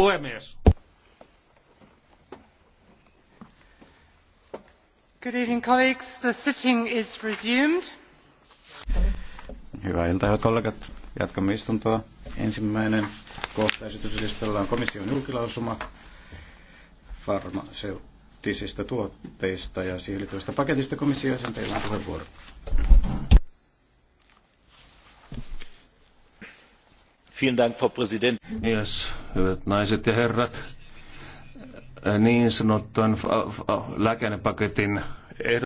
Puhemies. Good evening, colleagues. The sitting is resumed. Hyvää iltaa, kollegat. Jatkamme istuntoa. Ensimmäinen kohta esityslistalla on komission julkilausuma farmaseuttisista tuotteista ja siihen liittyvästä paketista komissio, sen teillä on puheenvuoro. Yes, hyvät naiset ja herrat, niin sanottuun äh, äh, lääkänepaketin